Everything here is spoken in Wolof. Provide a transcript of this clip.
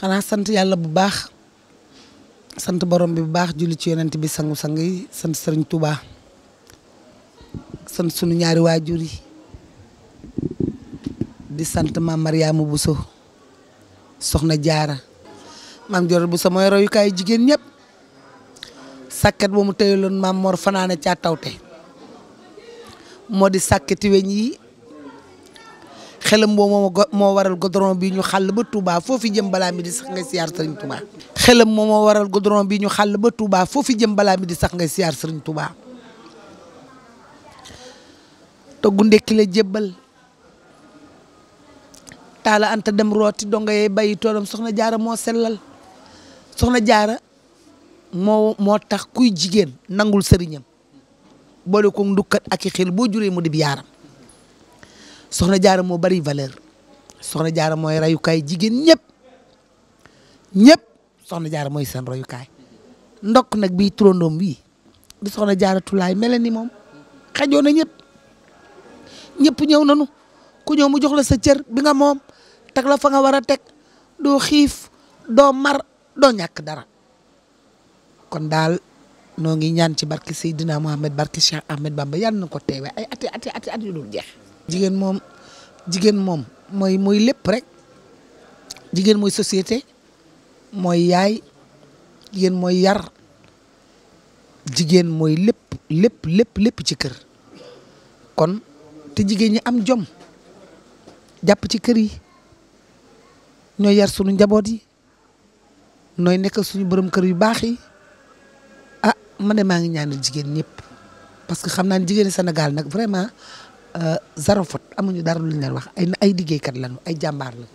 xanaa sant yàlla bu baax sant borom bi bu baax julli ci yonent bi sangu-sang yi sant sëriñ Touba sant sunu ñaari waajur yi di sant maam Mariama buso soxna jaara maam Dior Bousso mooy royukaayu jigéen ñëpp sàkket ba mu téyaloon maam Mor fanaane caa tawte moo di sàkketi weñ yi xelam boobu moo moo waral goudron bi ñu xàll ba Touba foofi jëm balaa mi di sax nga siyaar Serigne Touba xelam moom moo waral goudron bi ñu xàll ba Touba foofi jëm balaa mi di sax nga siyaar Serigne Touba toggu ndekki la jébbal taala anta dem rooti donga yee bàyyi toolam soxna jaara moo sellal soxna jaara moo tax kuy jigéen nangul sëriñam boole ko ndukkat ak i xel boo juree mu di yaaram soxna jaara mo bari valeur soxna jaara rayu kay nyep ñep ñep soxna jaara sen rayu kay ndok nak bi turandoom bi di soxna jaara tu mel ni mom, xajoo na ñëpp ñëpp ñëw nañu ku ñew mu jox la sa cër bi nga mom tak la fa nga wara tek do xif do mar do ñak dara kon dal no ngi ñaan ci barke sayyidina muhammad barki Cheikh Ahmed Bamba yàlla nako ko ay ati ati ati at yu dul jeex jigen mom jigéen moom mooy mooy lépp rek jigéen mooy société mooy yaay jigéen mooy yar jigéen mooy lépp lépp lépp lépp ci kër kon te jigéen ñi am jom jàpp ci kër yi ñooy yar sunu njaboot yi nooy nekk suñu borom kër yu baax yi ah man de maa ngi ñaanal jigéen ñëpp parce que xam naa ne jigéen Sénégal nag vraiment zéro faute amuñu dara lu ñu wax ay ay liggéeykat lañu ay jàmbaar lañu.